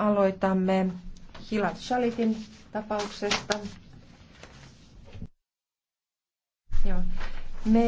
aloitamme Hilat Shalitin tapauksesta. Joo. Me